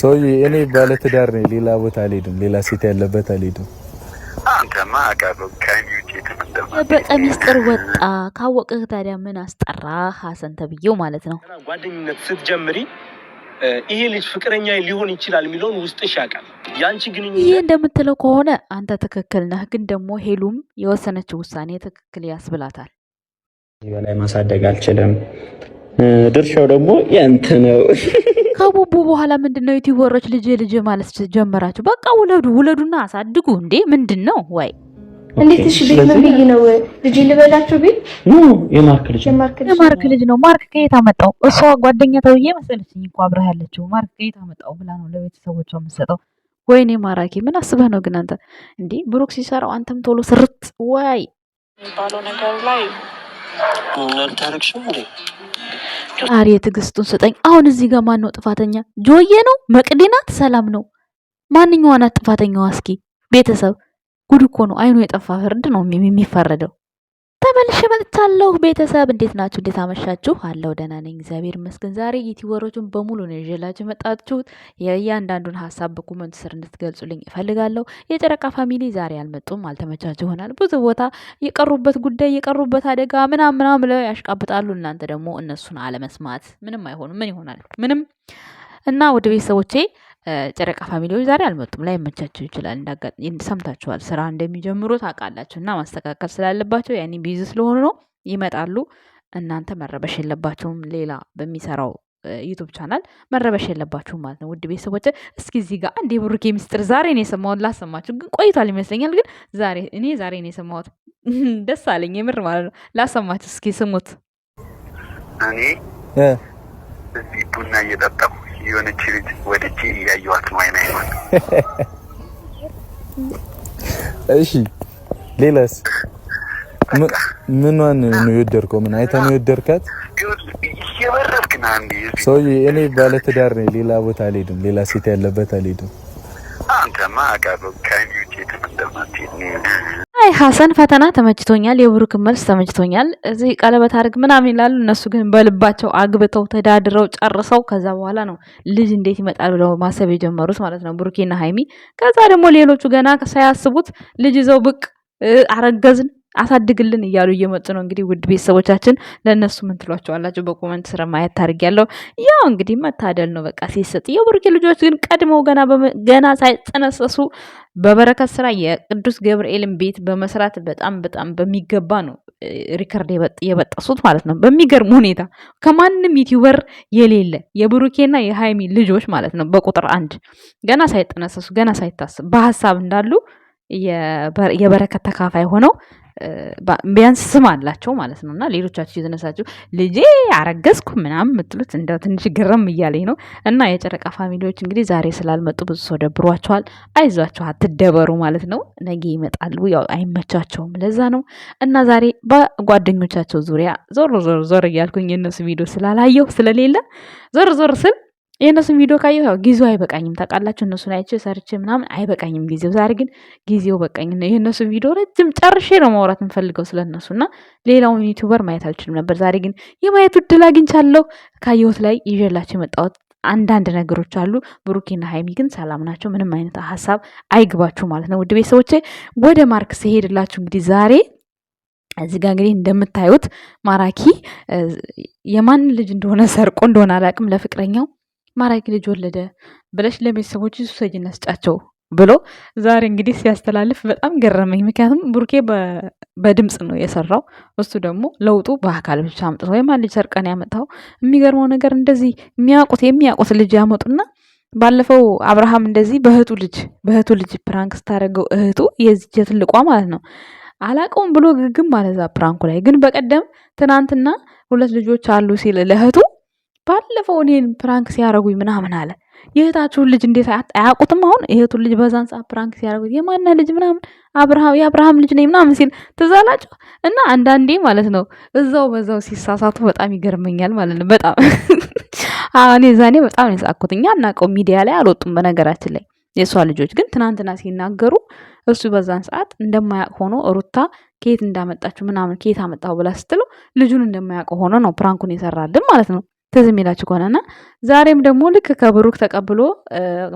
ሰውዬ እኔ ባለ ትዳር ነኝ። ሌላ ቦታ አልሄድም። ሌላ ሴት ያለበት አልሄድም። በጣም ሚስጥር ወጣ። ካወቅህ ታዲያ ምን አስጠራ? ሀሰን ተብዬው ማለት ነው። ጓደኝነት ስትጀምሪ ይሄ ልጅ ፍቅረኛ ሊሆን ይችላል የሚለውን ውስጥሽ ያውቃል። ያንቺ ግንኙነት ይሄ እንደምትለው ከሆነ አንተ ትክክል ነህ። ግን ደግሞ ሄሉም የወሰነችው ውሳኔ ትክክል ያስብላታል። በላይ ማሳደግ አልችልም። ድርሻው ደግሞ ያንተ ነው ከቡቡ በኋላ ምንድን ነው ዩቲዩብ ወሮች ልጅ ልጅ ማለት ጀመራችሁ? በቃ ውለዱ ውለዱና አሳድጉ እንዴ! ምንድን ነው ወይ እንዴት? እሺ ቤት ምን ብዬ ነው ልጅ ልበላችሁ? ቤት ኑ የማርክ ልጅ የማርክ ልጅ ነው። ማርክ ከየት አመጣው? እሷ ጓደኛ ተውዬ መሰለችኝ እኮ አብረህ ያለችው ማርክ ከየት አመጣው ብላ ነው ለቤተሰቦቿ የምትሰጠው። ወይኔ ማራኪ ምን አስበህ ነው ግን አንተ እንዴ? ብሩክ ሲሰራው አንተም ቶሎ ስርት ወይ የሚባለው ነገር ላይ ምን ታረክሽ እንዴ አሪ የትዕግስቱን ስጠኝ። አሁን እዚህ ጋር ማን ነው ጥፋተኛ? ጆዬ ነው? መቅዲ ናት? ሰላም ነው? ማንኛዋ ናት ጥፋተኛዋ? እስኪ ቤተሰብ ጉድ እኮ ነው። አይኑ የጠፋ ፍርድ ነው የሚፈረደው። ተመልሼ መጥቻለሁ። ቤተሰብ እንዴት ናችሁ? እንዴት አመሻችሁ? አለው ደህና ነኝ እግዚአብሔር ይመስገን። ዛሬ ዩቲ በሙሉ ነው ይዤላችሁ የመጣችሁት። የእያንዳንዱን ሀሳብ በኮመንት ስር እንድትገልጹልኝ እፈልጋለሁ። የጨረቃ ፋሚሊ ዛሬ አልመጡም፣ አልተመቻችሁ ይሆናል። ብዙ ቦታ የቀሩበት ጉዳይ የቀሩበት አደጋ ምናም ምናም ብለው ያሽቃብጣሉ። እናንተ ደግሞ እነሱን አለመስማት ምንም አይሆኑ ምን ይሆናል ምንም እና ወደ ቤተሰቦቼ ጨረቃ ፋሚሊዎች ዛሬ አልመጡም። ላይ መቻቸው ይችላል። ሰምታችኋል። ስራ እንደሚጀምሩ ታውቃላችሁ እና ማስተካከል ስላለባቸው ያኔ ቢዚ ስለሆኑ ነው ይመጣሉ። እናንተ መረበሽ የለባቸውም። ሌላ በሚሰራው ዩቱብ ቻናል መረበሽ የለባችሁ ማለት ነው። ውድ ቤተሰቦች እስኪ እዚህ ጋር አንድ የብሩኬ ሚስጥር ዛሬ ነው የሰማሁት። ላሰማችሁ ግን ቆይቷል ይመስለኛል። ግን ዛሬ እኔ ዛሬ ነው የሰማሁት። ደስ አለኝ የምር ማለት ነው። ላሰማችሁ እስኪ ስሙት። እኔ እዚህ ቡና እየጠጣሁ የሆነች ልጅ ወደች እያየዋት ነው። አይን አይኗል። እሺ ሌላስ ምኗን ነው የወደድከው? ምን አይተህ ነው የወደድካት? ሰውዬ እኔ ባለትዳር ትዳር ነኝ። ሌላ ቦታ አልሄድም። ሌላ ሴት ያለበት አልሄድም። አንተማ ላይ ሀሰን ፈተና ተመችቶኛል፣ የብሩክ መልስ ተመችቶኛል፣ እዚህ ቀለበት አድርግ ምናምን ይላሉ። እነሱ ግን በልባቸው አግብተው ተዳድረው ጨርሰው ከዛ በኋላ ነው ልጅ እንዴት ይመጣል ብለው ማሰብ የጀመሩት ማለት ነው ብሩኬና ሀይሚ። ከዛ ደግሞ ሌሎቹ ገና ሳያስቡት ልጅ ይዘው ብቅ አረገዝን አሳድግልን እያሉ እየመጡ ነው። እንግዲህ ውድ ቤተሰቦቻችን ለእነሱ ምን ትሏቸዋላቸው? በኮመንት ስራ ማየት ታርግ ያለው ያው እንግዲህ መታደል ነው በቃ ሲሰጥ። የብሩኬ ልጆች ግን ቀድመው ገና ገና ሳይጠነሰሱ በበረከት ስራ የቅዱስ ገብርኤልን ቤት በመስራት በጣም በጣም በሚገባ ነው ሪከርድ የበጠሱት ማለት ነው። በሚገርም ሁኔታ ከማንም ዩቲዩበር የሌለ የብሩኬና የሃይሚ ልጆች ማለት ነው። በቁጥር አንድ ገና ሳይጠነሰሱ ገና ሳይታስብ በሀሳብ እንዳሉ የበረከት ተካፋይ ሆነው ቢያንስ ስም አላቸው ማለት ነው። እና ሌሎቻችሁ የተነሳችሁ ልጄ አረገዝኩ ምናምን የምትሉት እንደው ትንሽ ግርም እያለኝ ነው። እና የጨረቃ ፋሚሊዎች እንግዲህ ዛሬ ስላልመጡ ብዙ ሰው ደብሯቸዋል። አይዟቸው፣ አትደበሩ ማለት ነው። ነገ ይመጣሉ። ያው አይመቻቸውም፣ ለዛ ነው። እና ዛሬ በጓደኞቻቸው ዙሪያ ዞር ዞር ዞር እያልኩኝ የእነሱ ቪዲዮ ስላላየሁ ስለሌለ ዞር ዞር ስል የእነሱን ቪዲዮ ካየሁ ያው ጊዜው አይበቃኝም ታውቃላችሁ። እነሱ አይቼ ሰርች ምናምን አይበቃኝም ጊዜው። ዛሬ ግን ጊዜው በቃኝ። የእነሱን ቪዲዮ ረጅም ጨርሼ ነው ማውራት የምፈልገው ስለ እና ሌላውን ዩቲዩበር ማየት አልችልም ነበር። ዛሬ ግን የማየቱ እድል አግኝቻለሁ። ካየሁት ላይ ይዤላቸው የመጣሁት አንዳንድ ነገሮች አሉ። ብሩኬና ሀይሚ ግን ሰላም ናቸው። ምንም አይነት ሀሳብ አይግባችሁ ማለት ነው። ውድ ቤተሰቦቼ ወደ ማርክ ሲሄድላችሁ እንግዲህ ዛሬ እዚህ ጋር እንግዲህ እንደምታዩት ማራኪ የማን ልጅ እንደሆነ ሰርቆ እንደሆነ አላውቅም ለፍቅረኛው ማራኪ ልጅ ወለደ ብለሽ ለቤተሰቦች ሱሰጅ እናስጫቸው ብሎ ዛሬ እንግዲህ ሲያስተላልፍ በጣም ገረመኝ። ምክንያቱም ብሩኬ በድምፅ ነው የሰራው፣ እሱ ደግሞ ለውጡ በአካል ብቻ አምጥቶ ወይም ልጅ ሰርቀን ያመጣው። የሚገርመው ነገር እንደዚህ የሚያውቁት የሚያውቁት ልጅ ያመጡና ባለፈው አብርሃም እንደዚህ በእህቱ ልጅ በእህቱ ልጅ ፕራንክ ስታደርገው እህቱ የዚች ትልቋ ማለት ነው አላቀውም ብሎ ግግም ማለዛ ፕራንኩ ላይ ግን በቀደም ትናንትና ሁለት ልጆች አሉ ሲል ለእህቱ ባለፈው እኔን ፕራንክ ሲያደርጉኝ ምናምን አለ። የእህታችሁን ልጅ እንዴት አያውቁትም? አሁን የእህቱን ልጅ በዛን ሰዓት ፕራንክ ሲያረጉኝ የማነ ልጅ ምናምን አብርሃም የአብርሃም ልጅ ነኝ ምናምን ሲል ትዝ እና አንዳንዴ ማለት ነው እዛው በዛው ሲሳሳቱ በጣም ይገርመኛል ማለት ነው። በጣም እኔ ዛኔ በጣም ነው የሳቅኩት። እኛ እናውቀው ሚዲያ ላይ አልወጡም በነገራችን ላይ የእሷ ልጆች ግን ትናንትና ሲናገሩ እሱ በዛን ሰዓት እንደማያውቅ ሆኖ ሩታ ከየት እንዳመጣችሁ ምናምን ከየት አመጣሁ ብላ ስትለው ልጁን እንደማያውቀው ሆኖ ነው ፕራንኩን የሰራልን ማለት ነው። ትዝ የሚላችሁ ከሆነና ዛሬም ደግሞ ልክ ከብሩክ ተቀብሎ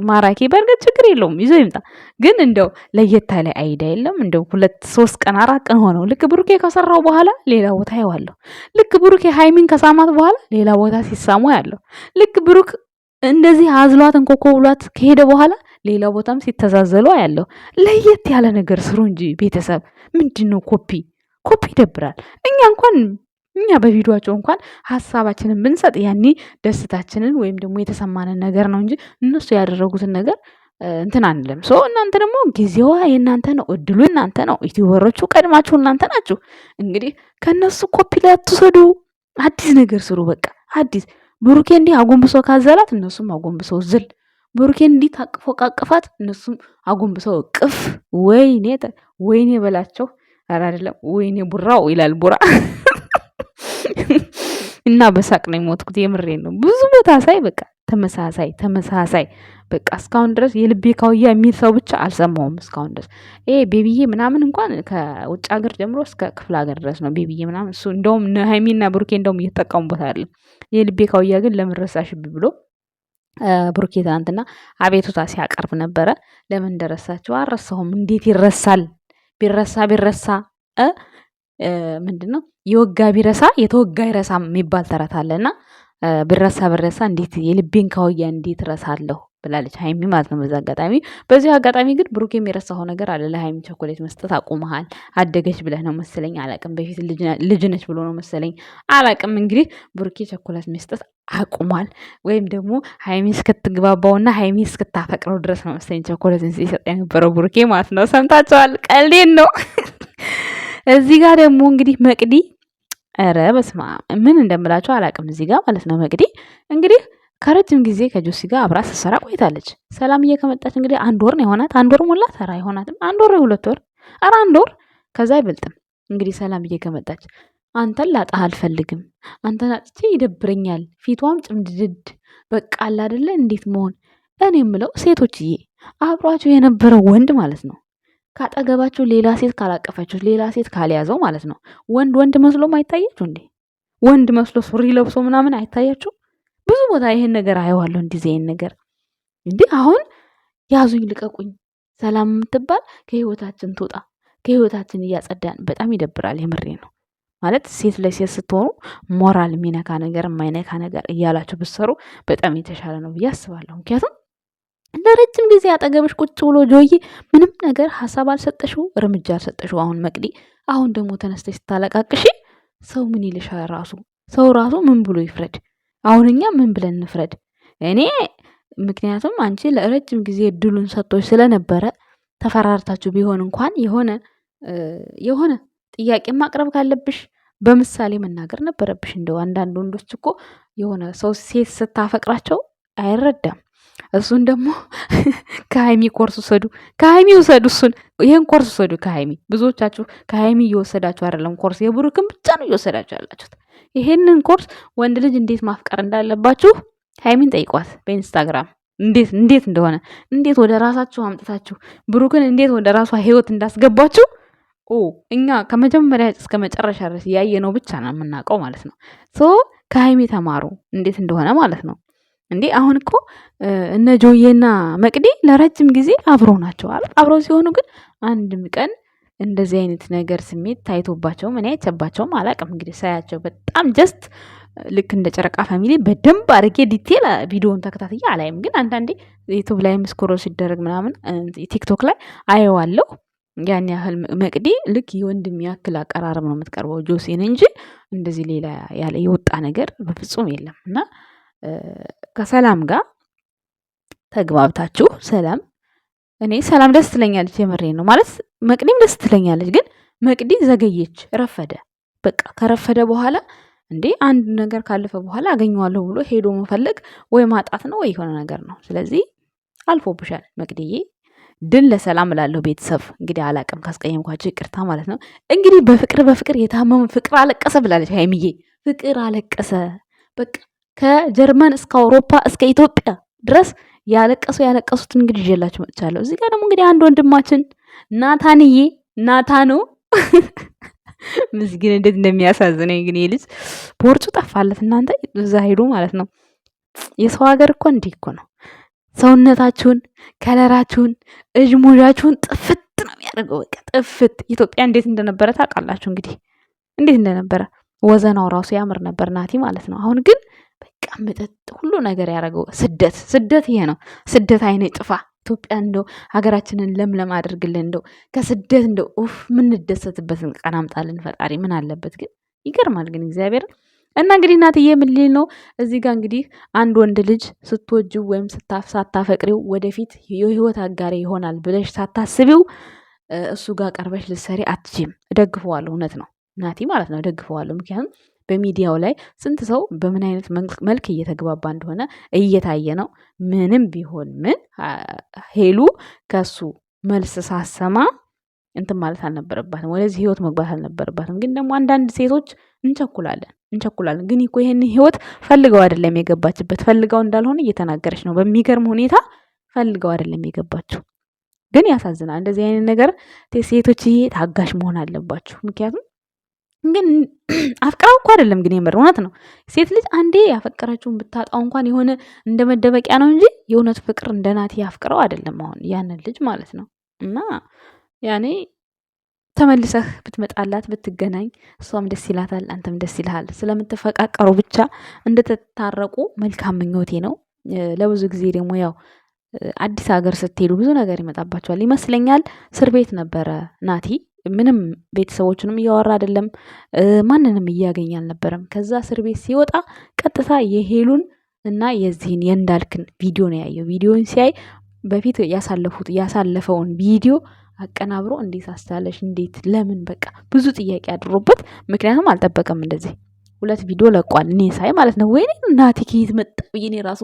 ማራኪ በእርግጥ ችግር የለውም ይዞ ይምጣ። ግን እንደው ለየት ያለ አይዳ የለም። እንደው ሁለት ሶስት ቀን አራት ቀን ሆነው ልክ ብሩኬ ከሰራው በኋላ ሌላ ቦታ ይዋለሁ። ልክ ብሩኬ ሃይሚን ከሳማት በኋላ ሌላ ቦታ ሲሳሙ ያለው ልክ ብሩክ እንደዚህ አዝሏት እንኮኮ ብሏት ከሄደ በኋላ ሌላ ቦታም ሲተዛዘሉ ያለው ለየት ያለ ነገር ስሩ እንጂ ቤተሰብ ምንድን ነው ኮፒ ኮፒ ይደብራል። እኛ እንኳን እኛ በቪዲዮቸው እንኳን ሀሳባችንን ብንሰጥ ያኔ ደስታችንን ወይም ደግሞ የተሰማንን ነገር ነው እንጂ እነሱ ያደረጉትን ነገር እንትን አንልም። ሶ እናንተ ደግሞ ጊዜዋ የእናንተ ነው፣ እድሉ እናንተ ነው። ኢትዮወሮቹ ቀድማችሁ እናንተ ናችሁ። እንግዲህ ከእነሱ ኮፒ ላይ አትውሰዱ፣ አዲስ ነገር ስሩ። በቃ አዲስ ብሩኬ እንዲህ አጎንብሶ ካዘላት እነሱም አጎንብሰው ዝል ብሩኬ እንዲህ ታቅፎ ቃቅፋት እነሱም አጎንብሰው ቅፍ። ወይኔ ወይኔ በላቸው። ኧረ አይደለም ወይኔ ቡራው ይላል ቡራ እና በሳቅ ነው የሞትኩት። የምሬ ነው። ብዙ ቦታ ሳይ በቃ ተመሳሳይ ተመሳሳይ በቃ እስካሁን ድረስ የልቤ ካውያ የሚል ሰው ብቻ አልሰማውም። እስካሁን ድረስ ይሄ ቤቢዬ ምናምን እንኳን ከውጭ ሀገር ጀምሮ እስከ ክፍለ ሀገር ድረስ ነው ቤቢዬ ምናምን። እሱ እንደውም ሀይሚና ብሩኬ እንደውም እየተጠቀሙበት አለ። የልቤ ካውያ ግን ለመረሳሽ ብሎ ብሩኬ ትናንትና አቤቱታ ሲያቀርብ ነበረ። ለምን ደረሳቸው አልረሳሁም። እንዴት ይረሳል? ቢረሳ ቢረሳ ምንድን ነው የወጋ ቢረሳ የተወጋ ይረሳ የሚባል ተረት አለና ብረሳ ብረሳ እንዴት የልቤን ካወያ እንዴት እረሳለሁ ብላለች ሀይሚ ማለት ነው። በዛ አጋጣሚ በዚሁ አጋጣሚ ግን ብሩክ የሚረሳው ነገር አለ። ለሀይሚ ቸኮሌት መስጠት አቁመሃል። አደገች ብለህ ነው መሰለኝ አላቅም። በፊት ልጅነች ብሎ ነው መሰለኝ አላቅም። እንግዲህ ብሩኬ ቸኮሌት መስጠት አቁሟል፣ ወይም ደግሞ ሀይሚ እስክትግባባውና ሀይሚ እስክታፈቅረው ድረስ ነው መሰለኝ ቸኮሌት ሲሰጥ የነበረው ብሩኬ ማለት ነው። ሰምታቸዋል። ቀልዴን ነው እዚህ ጋር ደግሞ እንግዲህ መቅዲ ኧረ በስማ ምን እንደምላቸው አላቅም እዚህ ጋር ማለት ነው መቅዲ እንግዲህ ከረጅም ጊዜ ከጆሲ ጋር አብራ ስትሰራ ቆይታለች። ሰላምዬ ከመጣች እንግዲህ አንድ ወር ነው የሆናት። አንድ ወር ሞላት? ኧረ አይሆናትም። አንድ ወር ሁለት ወር፣ ኧረ አንድ ወር ከዛ አይበልጥም። እንግዲህ ሰላምዬ ከመጣች አንተን ላጣህ አልፈልግም፣ አንተን አጥቼ ይደብረኛል። ፊቷም ጭምድድድ በቃ አላደለ እንዴት መሆን እኔ የምለው ሴቶችዬ አብሯቸው የነበረው ወንድ ማለት ነው ካጠገባችሁ ሌላ ሴት ካላቀፈችሁ ሌላ ሴት ካልያዘው ማለት ነው። ወንድ ወንድ መስሎም አይታያችሁ እንዴ? ወንድ መስሎ ሱሪ ለብሶ ምናምን አይታያችሁ? ብዙ ቦታ ይህን ነገር አየዋለሁ። እንዲዜ ይህን ነገር እንዴ አሁን ያዙኝ ልቀቁኝ ሰላም የምትባል ከህይወታችን ትውጣ። ከህይወታችን እያጸዳን በጣም ይደብራል። የምሬ ነው ማለት ሴት ለሴት ስትሆኑ ሞራል የሚነካ ነገር የማይነካ ነገር እያላችሁ ብትሰሩ በጣም የተሻለ ነው ብዬ አስባለሁ ምክንያቱም ለረጅም ጊዜ አጠገብሽ ቁጭ ብሎ ጆዬ ምንም ነገር ሀሳብ አልሰጠሽው፣ እርምጃ አልሰጠሽው። አሁን መቅዲ አሁን ደግሞ ተነስተሽ ስታለቃቅሽ ሰው ምን ይልሻል? ራሱ ሰው ራሱ ምን ብሎ ይፍረድ? አሁን እኛ ምን ብለን እንፍረድ? እኔ ምክንያቱም አንቺ ለረጅም ጊዜ እድሉን ሰጥቶች ስለነበረ ተፈራርታችሁ ቢሆን እንኳን የሆነ የሆነ ጥያቄ ማቅረብ ካለብሽ በምሳሌ መናገር ነበረብሽ። እንደው አንዳንድ ወንዶች እኮ የሆነ ሰው ሴት ስታፈቅራቸው አይረዳም እሱን ደግሞ ከሀይሚ ኮርስ ውሰዱ፣ ከሀይሚ ውሰዱ። እሱን ይህን ኮርስ ውሰዱ ከሀይሚ ብዙዎቻችሁ ከሀይሚ እየወሰዳችሁ አይደለም፣ ኮርስ የብሩክን ብቻ ነው እየወሰዳችሁ ያላችሁት። ይሄንን ኮርስ ወንድ ልጅ እንዴት ማፍቀር እንዳለባችሁ ሀይሚን ጠይቋት በኢንስታግራም እንዴት እንዴት እንደሆነ እንዴት ወደ ራሳችሁ አምጥታችሁ ብሩክን እንዴት ወደ ራሷ ህይወት እንዳስገባችሁ እኛ ከመጀመሪያ እስከ መጨረሻ ድረስ እያየነው ብቻ ነው የምናውቀው ማለት ነው። ሶ ከሀይሚ ተማሩ እንዴት እንደሆነ ማለት ነው። እንዴ አሁን እኮ እነ ጆዬና መቅዲ ለረጅም ጊዜ አብሮ ናቸው። አብሮ ሲሆኑ ግን አንድም ቀን እንደዚህ አይነት ነገር ስሜት ታይቶባቸውም እኔ አይቼባቸውም አላቅም። እንግዲህ ሳያቸው በጣም ጀስት ልክ እንደ ጨረቃ ፋሚሊ በደንብ አድርጌ ዲቴል ቪዲዮን ተከታትዬ አላይም። ግን አንዳንዴ ዩቱብ ላይ ምስክሮ ሲደረግ ምናምን ቲክቶክ ላይ አየዋለሁ። ያን ያህል መቅዲ ልክ የወንድም ያክል አቀራረብ ነው የምትቀርበው ጆሴን እንጂ እንደዚህ ሌላ ያለ የወጣ ነገር በፍጹም የለም እና ከሰላም ጋር ተግባብታችሁ ሰላም እኔ ሰላም ደስ ትለኛለች። የምሬ ነው ማለት መቅዲም ደስ ትለኛለች። ግን መቅዲ ዘገየች፣ ረፈደ። በቃ ከረፈደ በኋላ እንዴ አንድ ነገር ካለፈ በኋላ አገኘዋለሁ ብሎ ሄዶ መፈለግ ወይ ማጣት ነው ወይ የሆነ ነገር ነው። ስለዚህ አልፎብሻል መቅድዬ። ድል ለሰላም እላለሁ። ቤተሰብ እንግዲህ አላቅም፣ ካስቀየምኳቸው ይቅርታ ማለት ነው። እንግዲህ በፍቅር በፍቅር የታመመ ፍቅር አለቀሰ ብላለች ሀይሚዬ። ፍቅር አለቀሰ በቃ ከጀርመን እስከ አውሮፓ እስከ ኢትዮጵያ ድረስ ያለቀሱ ያለቀሱትን እንግዲህ ይዤላችሁ መጥቻለሁ። እዚህ ጋር ደግሞ እንግዲህ አንድ ወንድማችን ናታንዬ ናታኖ ምስጊን እንዴት እንደሚያሳዝነኝ ግን ልጅ ቦርጩ ጠፋለት። እናንተ እዛ ሄዱ ማለት ነው። የሰው ሀገር እኮ እንዲህ እኮ ነው። ሰውነታችሁን፣ ከለራችሁን፣ እጅ ጥፍት ነው የሚያደርገው። በቃ ጥፍት። ኢትዮጵያ እንዴት እንደነበረ ታውቃላችሁ እንግዲህ እንዴት እንደነበረ ወዘናው ራሱ ያምር ነበር ናቲ ማለት ነው። አሁን ግን በቃ መጠጥ ሁሉ ነገር ያደረገው ስደት ስደት ይሄ ነው። ስደት አይኔ ጥፋ ኢትዮጵያ እንደው ሀገራችንን ለምለም አድርግልን። እንደው ከስደት እንደው ኡፍ የምንደሰትበትን ቀን አምጣልን ፈጣሪ። ምን አለበት ግን ይገርማል ግን እግዚአብሔር እና እንግዲህ እናትዬ ምን ሊል ነው እዚህ ጋር እንግዲህ አንድ ወንድ ልጅ ስትወጂው ወይም ሳታፈቅሪው ወደፊት የህይወት አጋሪ ይሆናል ብለሽ ሳታስቢው እሱ ጋር ቀርበሽ ልትሰሪ አትችም። እደግፈዋለሁ፣ እውነት ነው እናቲ ማለት ነው እደግፈዋለሁ። ምክንያቱም በሚዲያው ላይ ስንት ሰው በምን አይነት መልክ እየተግባባ እንደሆነ እየታየ ነው። ምንም ቢሆን ምን ሄሉ ከሱ መልስ ሳሰማ እንትን ማለት አልነበረባትም። ወደዚህ ህይወት መግባት አልነበረባትም። ግን ደግሞ አንዳንድ ሴቶች እንቸኩላለን እንቸኩላለን። ግን እኮ ይህን ህይወት ፈልገው አይደለም የገባችበት። ፈልገው እንዳልሆነ እየተናገረች ነው። በሚገርም ሁኔታ ፈልገው አይደለም የገባችው። ግን ያሳዝናል። እንደዚህ አይነት ነገር ሴቶችዬ ታጋሽ መሆን አለባችሁ። ምክንያቱም ግን አፍቅራው እኮ አይደለም። ግን የምር እውነት ነው። ሴት ልጅ አንዴ ያፈቀረችውን ብታጣው እንኳን የሆነ እንደ መደበቂያ ነው እንጂ የእውነት ፍቅር እንደ ናቲ ያፍቅረው አይደለም። አሁን ያንን ልጅ ማለት ነው። እና ያኔ ተመልሰህ ብትመጣላት ብትገናኝ፣ እሷም ደስ ይላታል፣ አንተም ደስ ይልሃል። ስለምትፈቃቀሩ ብቻ እንደተታረቁ መልካም ምኞቴ ነው። ለብዙ ጊዜ ደግሞ ያው አዲስ ሀገር ስትሄዱ ብዙ ነገር ይመጣባቸዋል ይመስለኛል። እስር ቤት ነበረ ናቲ ምንም ቤተሰቦቹንም እያወራ አይደለም፣ ማንንም እያገኘ አልነበረም። ከዛ እስር ቤት ሲወጣ ቀጥታ የሄሉን እና የዚህን የእንዳልክን ቪዲዮ ነው ያየው። ቪዲዮን ሲያይ በፊት ያሳለፉት ያሳለፈውን ቪዲዮ አቀናብሮ እንዴት አስቻለሽ፣ እንዴት፣ ለምን በቃ ብዙ ጥያቄ አድሮበት፣ ምክንያቱም አልጠበቀም እንደዚህ ሁለት ቪዲዮ ለቋል። እኔ ሳይ ማለት ነው ወይኔ እናቴ ከየት መጣ ብዬ እኔ ራሱ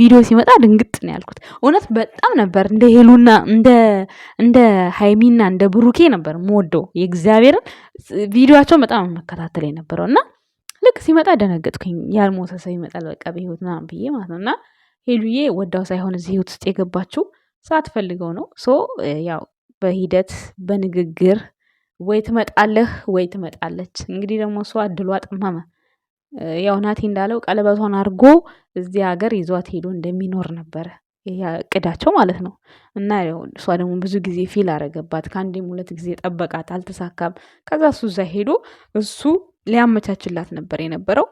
ቪዲዮ ሲመጣ ድንግጥ ነው ያልኩት። እውነት በጣም ነበር እንደ ሄሉና እንደ ሀይሚና እንደ ብሩኬ ነበር ሞዶ የእግዚአብሔርን ቪዲዮቸውን በጣም መከታተል የነበረው እና ልክ ሲመጣ ደነገጥኩኝ። ያልሞተ ሰው ይመጣል በቃ በህይወት ምናምን ብዬ ማለት ነው እና ሄሉዬ ወዳው ሳይሆን እዚህ ህይወት ውስጥ የገባችው ሳትፈልገው ነው። ሶ ያው በሂደት በንግግር ወይ ትመጣለህ ወይ ትመጣለች እንግዲህ ደግሞ እሷ እድሏ ጠመመ። ያው ናቲ እንዳለው ቀለበቷን አድርጎ እዚህ ሀገር ይዟት ሄዶ እንደሚኖር ነበረ እቅዳቸው ማለት ነው። እና ያው እሷ ደግሞ ብዙ ጊዜ ፊል አረገባት ከአንዴም ሁለት ጊዜ ጠበቃት አልተሳካም። ከዛ እሱ እዛ ሄዶ እሱ ሊያመቻችላት ነበር የነበረው።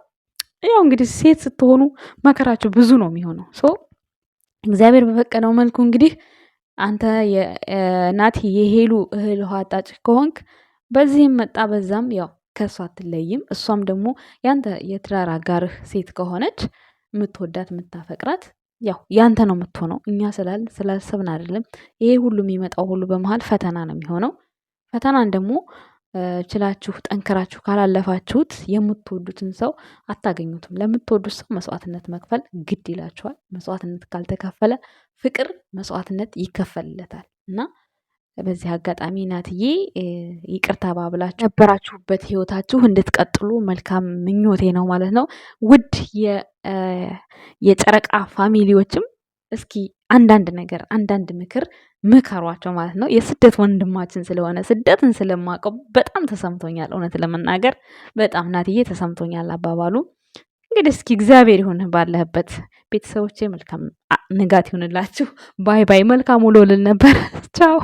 ያው እንግዲህ ሴት ስትሆኑ መከራቸው ብዙ ነው የሚሆነው ሶ እግዚአብሔር በፈቀደው መልኩ እንግዲህ አንተ ናቲ የሄሉ እህል ውሃ ጣጭ ከሆንክ በዚህም መጣ በዛም ያው ከእሷ አትለይም። እሷም ደግሞ ያንተ የትዳር አጋርህ ሴት ከሆነች የምትወዳት የምታፈቅራት ያው ያንተ ነው የምትሆነው። እኛ ስላል ስላሰብን አይደለም። ይሄ ሁሉ የሚመጣው ሁሉ በመሀል ፈተና ነው የሚሆነው። ፈተናን ደግሞ ችላችሁ ጠንክራችሁ ካላለፋችሁት የምትወዱትን ሰው አታገኙትም። ለምትወዱት ሰው መስዋዕትነት መክፈል ግድ ይላችኋል። መስዋዕትነት ካልተከፈለ ፍቅር መስዋዕትነት ይከፈልለታል እና በዚህ አጋጣሚ ናትዬ ይቅርታ ባብላችሁ ነበራችሁበት ህይወታችሁ እንድትቀጥሉ መልካም ምኞቴ ነው ማለት ነው። ውድ የጨረቃ ፋሚሊዎችም እስኪ አንዳንድ ነገር አንዳንድ ምክር ምከሯቸው ማለት ነው። የስደት ወንድማችን ስለሆነ ስደትን ስለማውቀው በጣም ተሰምቶኛል። እውነት ለመናገር በጣም ናትዬ ተሰምቶኛል አባባሉ። እንግዲህ እስኪ እግዚአብሔር ይሁን ባለህበት። ቤተሰቦቼ መልካም ንጋት ይሁንላችሁ። ባይ ባይ። መልካም ውሎ ልል ነበር። ቻው